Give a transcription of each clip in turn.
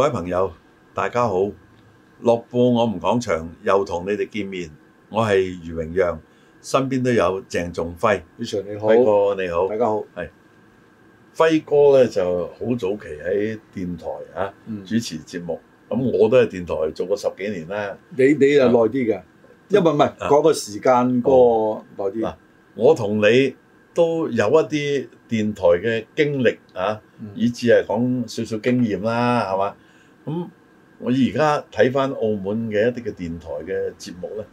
各位朋友，大家好！樂報我唔講場，又同你哋見面，我係余榮陽，身邊都有鄭仲輝，余常你好，輝哥你好，大家好。係輝哥咧就好早期喺電台啊主持節目，咁我都係電台做過十幾年啦。你你又耐啲嘅，因為唔係唔係講個時間過耐啲。我同你都有一啲電台嘅經歷啊，以至係講少少經驗啦，係嘛？咁、嗯、我而家睇翻澳門嘅一啲嘅電台嘅節目呢，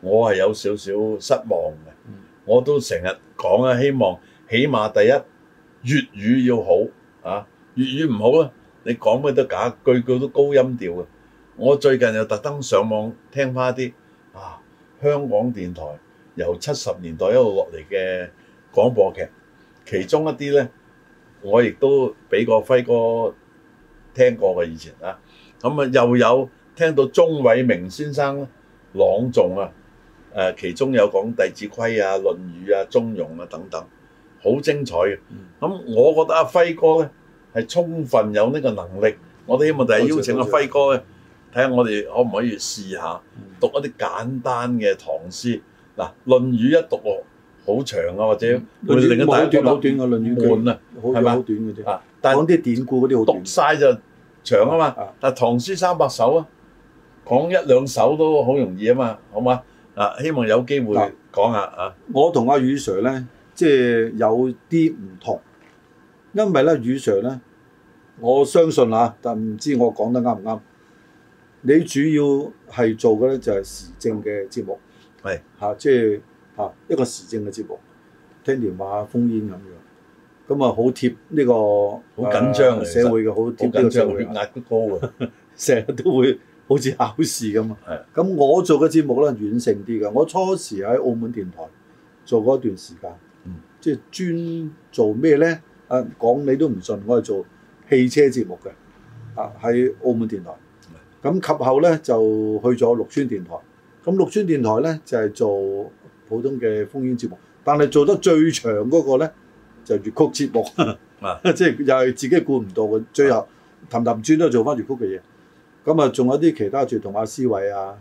我係有少少失望嘅、嗯。我都成日講啊，希望起碼第一粵語要好啊，粵語唔好咧、啊，你講咩都假，句句都高音調嘅。我最近又特登上網聽翻啲啊香港電台由七十年代一路落嚟嘅廣播劇，其中一啲呢，我亦都俾個輝哥。聽過嘅以前啦，咁啊又有聽到鍾偉明先生朗誦啊，誒其中有講《弟子規》啊、《論語》啊、《中庸》啊等等，好精彩嘅。咁我覺得阿輝哥咧係充分有呢個能力，我哋希望就係邀請阿輝哥咧睇下我哋可唔可以試下讀一啲簡單嘅唐詩。嗱《論語》一讀我好長啊，或者冇冇一段好短嘅《論語》講啲典故嗰啲好，讀晒就長啊嘛。但唐、啊、詩三百首啊，講一兩首都好容易啊嘛，好嘛？嗱、啊，希望有機會講下啊，啊。我同阿宇 sir 咧，即、就、係、是、有啲唔同，因為咧，宇 sir 咧，我相信啊，但唔知我講得啱唔啱？你主要係做嘅咧就係時政嘅節目，係吓，即係吓一個時政嘅節目，聽電話、烽煙咁樣。咁、這個、啊，好貼呢個好緊張嘅社會嘅，好貼緊張嘅，血壓都高嘅，成 日都會好似考試咁啊。咁我做嘅節目咧，軟性啲嘅。我初時喺澳門電台做過一段時間，即、嗯、係、就是、專做咩咧？啊，講你都唔信，我係做汽車節目嘅啊，喺澳門電台。咁及後咧就去咗綠村電台。咁綠村電台咧就係、是、做普通嘅烽煙節目，但係做得最長嗰個咧。就粵、是、曲節目、啊，即係又係自己顧唔到嘅，最後氹氹轉都做翻粵曲嘅嘢。咁啊，仲有啲其他，譬同阿思偉啊，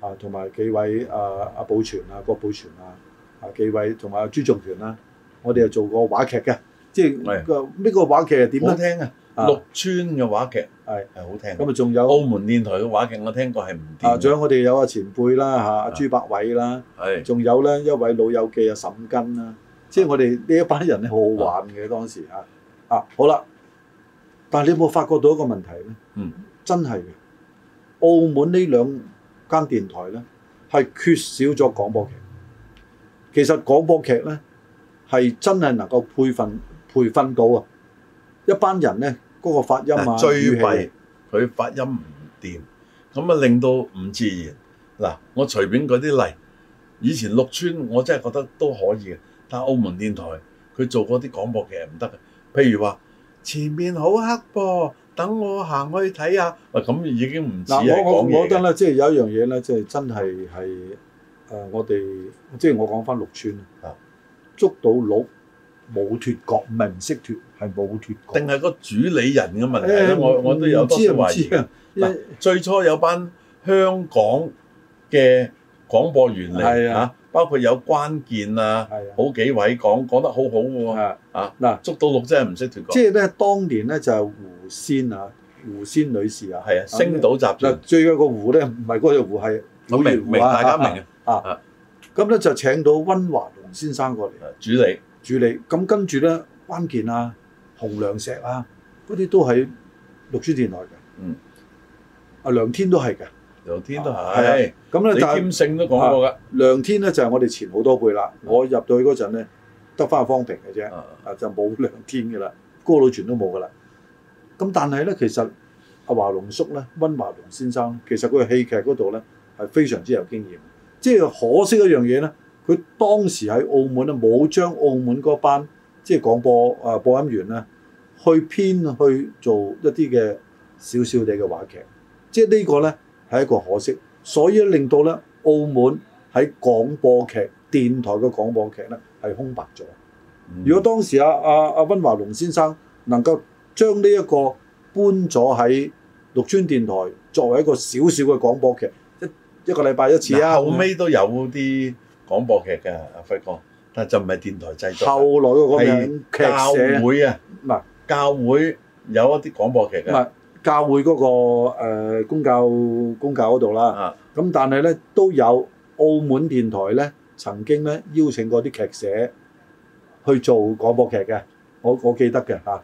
啊同埋幾位啊阿寶泉啊、郭寶泉啊、啊幾位同埋朱仲權啦，我哋又做過話劇嘅，即係呢、哎、個話劇係點樣聽啊？陸川嘅話劇係係好聽，咁啊仲有澳門電台嘅話劇，是是聽話劇我聽過係唔掂。啊，仲、啊、有我哋有阿前輩啦，嚇阿朱百偉啦，係仲有咧一位老友記阿沈根啦。即係我哋呢一班人咧、啊啊，好好玩嘅當時啊啊好啦，但係你有冇發覺到一個問題咧？嗯，真係嘅，澳門呢兩間電台咧係缺少咗廣播劇。其實廣播劇咧係真係能夠培訓培訓到啊一班人咧嗰、那個發音啊，最弊佢發音唔掂，咁啊令到唔自然嗱。我隨便嗰啲例，以前綠邨我真係覺得都可以嘅。但係澳門電台佢做嗰啲廣播劇唔得嘅，譬如話前面好黑噃，等我行去睇下。啊，咁已經唔似係講嘢。嗱，我我我覺得咧，即係有一樣嘢咧，即係真係係誒我哋即係我講翻六村啊，捉到鹿冇脱角，唔係唔識脱，係冇脱角。定係個主理人嘅問題咧？我我都有多次懷疑。嗱，最初有班香港嘅。廣播原理嚇、啊啊，包括有關鍵啊，啊好幾位講講得好好嘅喎啊，嗱捉到六真係唔識脱講。即係咧，當年咧就係、是、胡仙啊，胡仙女士啊，係啊，啊，星島集團、啊、最後一個胡呢是個胡咧，唔係嗰個胡係老明，白明白大家明白啊。啊，咁、啊、咧、啊啊、就請到温華龍先生過嚟、啊、主理，主理。咁跟住咧，關鍵啊，洪良石啊，嗰啲都係六書電台嘅。嗯，阿、啊、梁天都係嘅。梁天都係，咁咧就兼勝都講過噶、啊。梁天咧就係、是、我哋前好多輩啦、嗯。我入到去嗰陣咧，得翻方平嘅啫，啊就冇梁天嘅啦，高老全都冇噶啦。咁但係咧，其實阿、啊、華龍叔咧，温華龍先生，其實佢戲劇嗰度咧係非常之有經驗。即係可惜一樣嘢咧，佢當時喺澳門咧冇將澳門嗰班即係廣播啊播音員咧去編去做一啲嘅少少哋嘅話劇，即係呢個咧。係一個可惜，所以令到咧澳門喺廣播劇電台嘅廣播劇咧係空白咗。如果當時阿阿阿温華龍先生能夠將呢一個搬咗喺綠邨電台作為一個小小嘅廣播劇，一一個禮拜一次啊。後尾都有啲廣播劇嘅，阿輝哥，但係就唔係電台製作。後來嘅嗰樣劇社啊，係教會有一啲廣播劇嘅。教會嗰、嗰個、呃、公教公教嗰度啦，咁但係咧都有澳門電台咧曾經咧邀請過啲劇社去做廣播劇嘅，我我記得嘅嚇。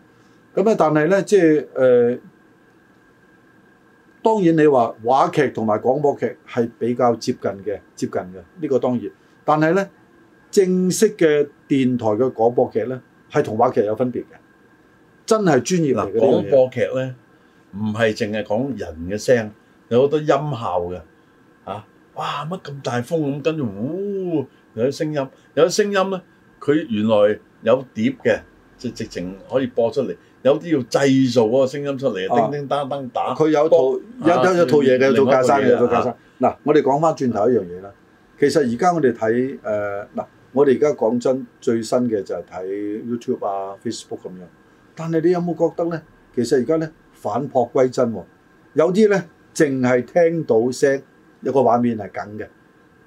咁啊，但係咧即係誒、呃，當然你話話劇同埋廣播劇係比較接近嘅，接近嘅呢、呢個當然。但係咧正式嘅電台嘅廣播劇咧係同話劇有分別嘅，真係專業嚟嘅廣播劇咧。唔係淨係講人嘅聲，有好多音效嘅嚇。哇！乜咁大風咁。跟住，有啲聲音，有啲聲音咧，佢原來有碟嘅，即係直情可以播出嚟。有啲要製造個聲音出嚟，叮叮噹噹打。佢有套有有套嘢嘅，有套架生嘅，有套架生。嗱，我哋講翻轉頭一樣嘢啦。其實而家我哋睇誒嗱，我哋而家講真最新嘅就係睇 YouTube 啊、Facebook 咁樣。但係你有冇覺得咧？其實而家咧。反璞歸真喎，有啲咧淨係聽到聲，有個畫面係緊嘅，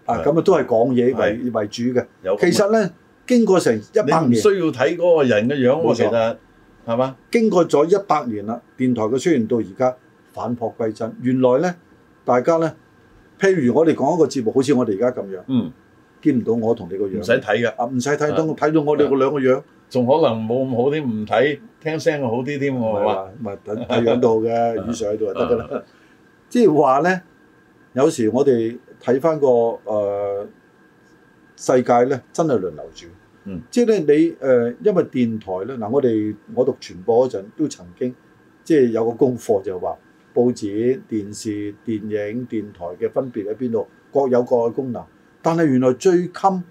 啊咁啊都係講嘢為為主嘅。其實咧經過成一百年，唔需要睇嗰個人嘅樣喎，啊。其實係嘛？經過咗一百年啦，電台嘅出現到而家反璞歸真。原來咧，大家咧，譬如我哋講一個節目，好似我哋而家咁樣，嗯，見唔到我同你個樣，唔使睇嘅，啊唔使睇，等我睇到我哋個兩個樣。仲可能冇咁好啲，唔睇聽聲好啲添喎，係嘛？咪等喺度嘅雨水喺度就得㗎啦。即係話咧，有時我哋睇翻個誒、呃、世界咧，真係輪流轉。嗯，即係咧你誒、呃，因為電台咧，嗱我哋我讀傳播嗰陣都曾經即係、就是、有個功課就係話，報紙、電視、電影、電台嘅分別喺邊度，各有各嘅功能。但係原來最襟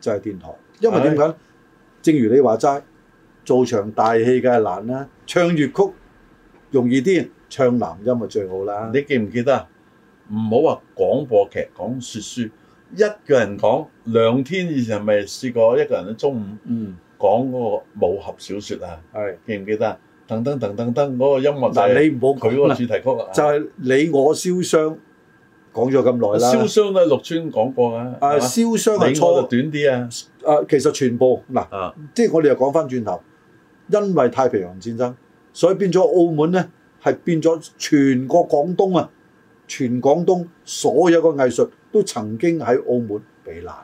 就係電台，因為點解咧？正如你話齋，做場大戲梗係難啦，唱粵曲容易啲，唱南音咪最好啦。你記唔記得啊？唔好話廣播劇講説書，一個人講兩天以前咪試過一個人喺中午、嗯嗯、講嗰個武俠小説啊？係記唔記得啊？噔噔噔噔噔，噔，嗰、那個音樂唔好佢個主題曲，就係、是、你我燒傷。講咗咁耐啦，燒傷咧陸川講過嘅。燒傷係初短啲啊，其實全部嗱、啊啊，即係我哋又講翻轉頭，因為太平洋戰爭，所以變咗澳門咧，係變咗全個廣東啊，全廣東所有個藝術都曾經喺澳門避難，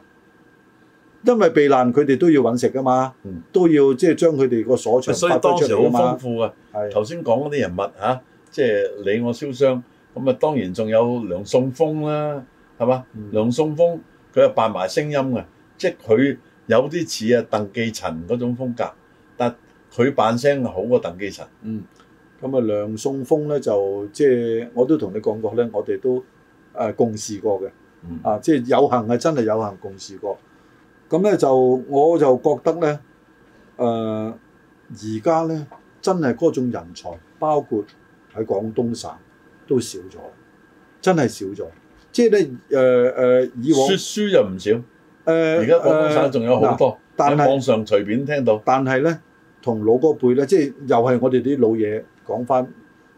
因為避難佢哋都要揾食噶嘛、嗯，都要即係將佢哋個所出嚟。所以當時好豐富啊，頭先講嗰啲人物嚇，即係你我燒傷。咁啊，當然仲有梁送峰啦，係、嗯、嘛？梁送峰佢係扮埋聲音嘅，即係佢有啲似啊鄧寄塵嗰種風格，但佢扮聲好過鄧寄塵。嗯，咁啊梁送峰咧就即係、就是、我都同你講過咧，我哋都誒、呃、共事過嘅、嗯。啊，即、就、係、是、有幸係真係有幸共事過。咁咧就我就覺得咧，誒而家咧真係嗰種人才，包括喺廣東省。都少咗，真係少咗。即係咧，誒、呃、誒，以往説書就唔少。誒、呃，而家廣東省仲有好多。呃、但係網上隨便聽到，但係咧，同老一輩咧，即係又係我哋啲老嘢講翻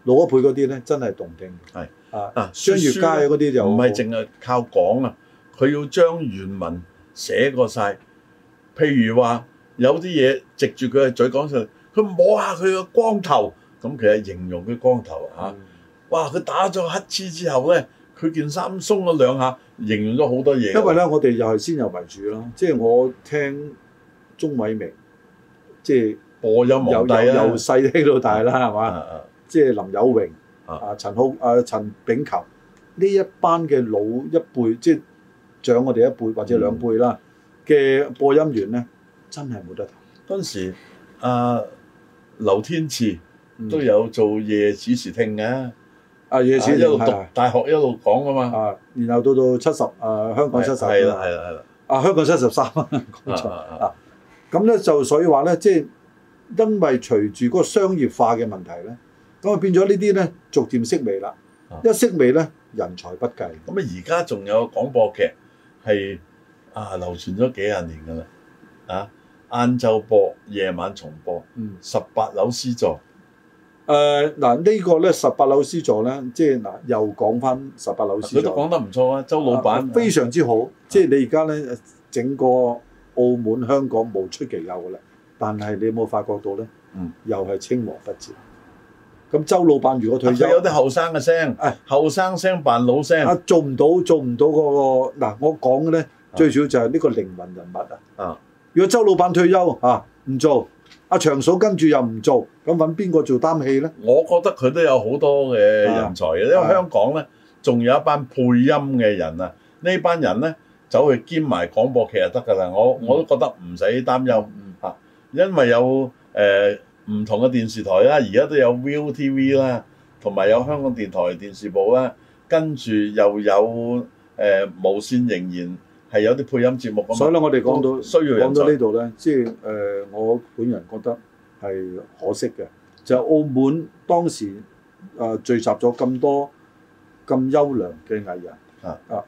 老一輩嗰啲咧，真係動聽的。係啊，説書家嗰啲就唔係淨係靠講啊，佢、啊啊、要將原文寫過晒。譬如話有啲嘢，直住佢嘅嘴講上去，佢摸下佢嘅光頭，咁其實形容佢光頭嚇。嗯哇！佢打咗乞嗤之後咧，佢件衫鬆咗兩下，形容咗好多嘢。因為咧，我哋又係先入為主咯，即、就、係、是、我聽鐘偉明，即、就、係、是、播音由由由細聽到大啦，係、啊、嘛？即係、就是、林友榮、啊陳浩、啊，陳，啊陳炳球呢一班嘅老一輩，即、就、係、是、長我哋一輩或者兩輩啦嘅播音員咧、嗯，真係冇得彈。當時啊，劉天賜都有做夜主持聽嘅。嗯啊！夜市一路讀、啊、大學一路講噶嘛、啊，然後到到七十啊香港七十、啊，係啦係啦係啦，啊香港七十三啊講錯啊，咁咧、啊啊啊、就所以話咧，即、就、係、是、因為隨住嗰個商業化嘅問題咧，咁啊變咗呢啲咧逐漸式微啦，一式微咧人才不繼，咁啊而家仲有廣播劇係啊流傳咗幾十年噶啦，啊晏晝播夜晚重播，十、嗯、八樓 C 座。誒、呃、嗱、這個、呢個咧十八樓 C 座咧，即係嗱、呃、又講翻十八樓 C 座。佢都講得唔錯啊，周老闆、呃、非常之好。啊、即係你而家咧整個澳門香港無出其右嘅啦。但係你有冇發覺到咧？嗯，又係青黃不接。咁周老闆如果退休，佢有啲後生嘅聲，後生聲扮老聲。啊、呃，做唔到做唔到嗰、那個嗱、呃，我講嘅咧，最主要就係呢個靈魂人物啊。啊，如果周老闆退休啊，唔做。阿長嫂跟住又唔做，咁揾邊個做擔戲呢？我覺得佢都有好多嘅人才、啊，因為香港呢仲有一班配音嘅人啊，呢班人呢，走去兼埋廣播劇就得噶啦。我我都覺得唔使擔憂嚇，因為有誒唔、呃、同嘅電視台啦，而家都有 Viu TV 啦，同埋有香港電台電視部啦，跟住又有誒、呃、無線仍然係有啲配音節目啊，所以咧我哋講到講到呢度咧，即係誒我本人覺得係可惜嘅，就係、澳門當時誒、呃、聚集咗咁多咁優良嘅藝人啊啊，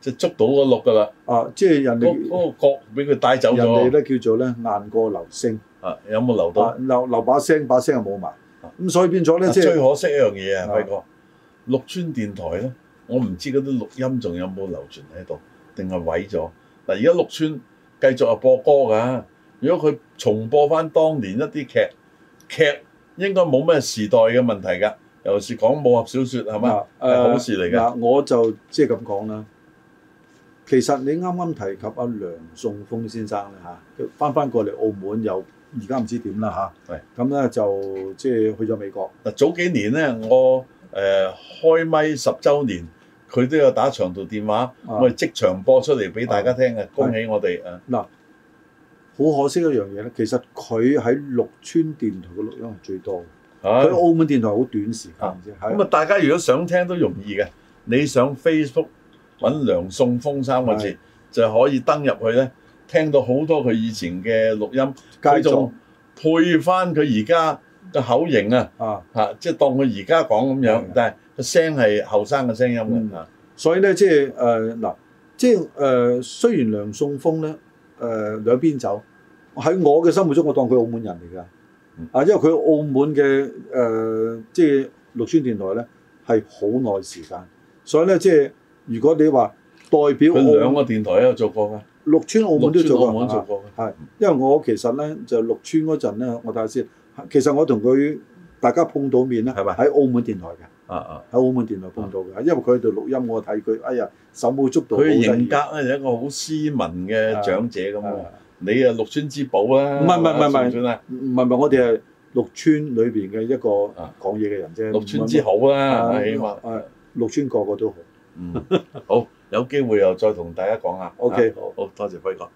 即係捉到個錄㗎啦啊！即係人哋嗰、那個角俾佢帶走人哋咧叫做咧雁過留聲啊！有冇留到留留、啊、把聲，把聲又冇埋咁，所以變咗咧即係最可惜一樣嘢啊，咪？個綠村電台咧，我唔知嗰啲錄音仲有冇流傳喺度。定係毀咗嗱！而家六川繼續係播歌㗎。如果佢重播翻當年一啲劇劇，劇應該冇咩時代嘅問題㗎。尤其是講武俠小說係嘛，呃、好事嚟㗎、呃。我就即係咁講啦。其實你啱啱提及阿梁宋峰先生返返翻翻過嚟澳門又而家唔知點啦嚇。咁咧就即係去咗美國。嗱，早幾年咧我誒、呃、開咪十週年。佢都有打長途電話，啊、我哋即場播出嚟俾大家聽嘅、啊，恭喜我哋啊！嗱，好可惜一樣嘢咧，其實佢喺綠村電台嘅錄音係最多嘅，佢喺澳門電台好短時間啫。咁啊，大家如果想聽都容易嘅，你上 Facebook 揾梁宋峰三個字，就可以登入去咧，聽到好多佢以前嘅錄音，佢仲配翻佢而家個口型啊，啊，嚇、啊，即、就、係、是、當佢而家講咁樣，嗯、但係個聲係後生嘅聲音啊、嗯，所以咧即係誒嗱，即係誒雖然梁頌峰咧誒、呃、兩邊走，喺我嘅心目中，我當佢澳門人嚟㗎、嗯，啊，因為佢澳門嘅誒即係六村電台咧係好耐時間，所以咧即係如果你話代表佢兩個電台都有做過㗎，六村澳門都做過啊，係、啊，因為我其實咧就是、六村嗰陣咧，我睇下先看看。其實我同佢大家碰到面係咪喺澳門電台嘅，喺、啊啊、澳門電台碰到嘅、啊，因為佢喺度錄音，我睇佢，哎呀，手舞足蹈。佢人格咧，一個好斯文嘅長者咁你啊，六、啊、村之寶啦、啊。唔係唔係唔係唔係，唔、啊、係我哋係六村裏邊嘅一個講嘢嘅人啫。六、啊、村之好啦、啊，起碼誒，六、啊、村個個都好。嗯，好，有機會又再同大家講下。OK，好好，多謝輝哥。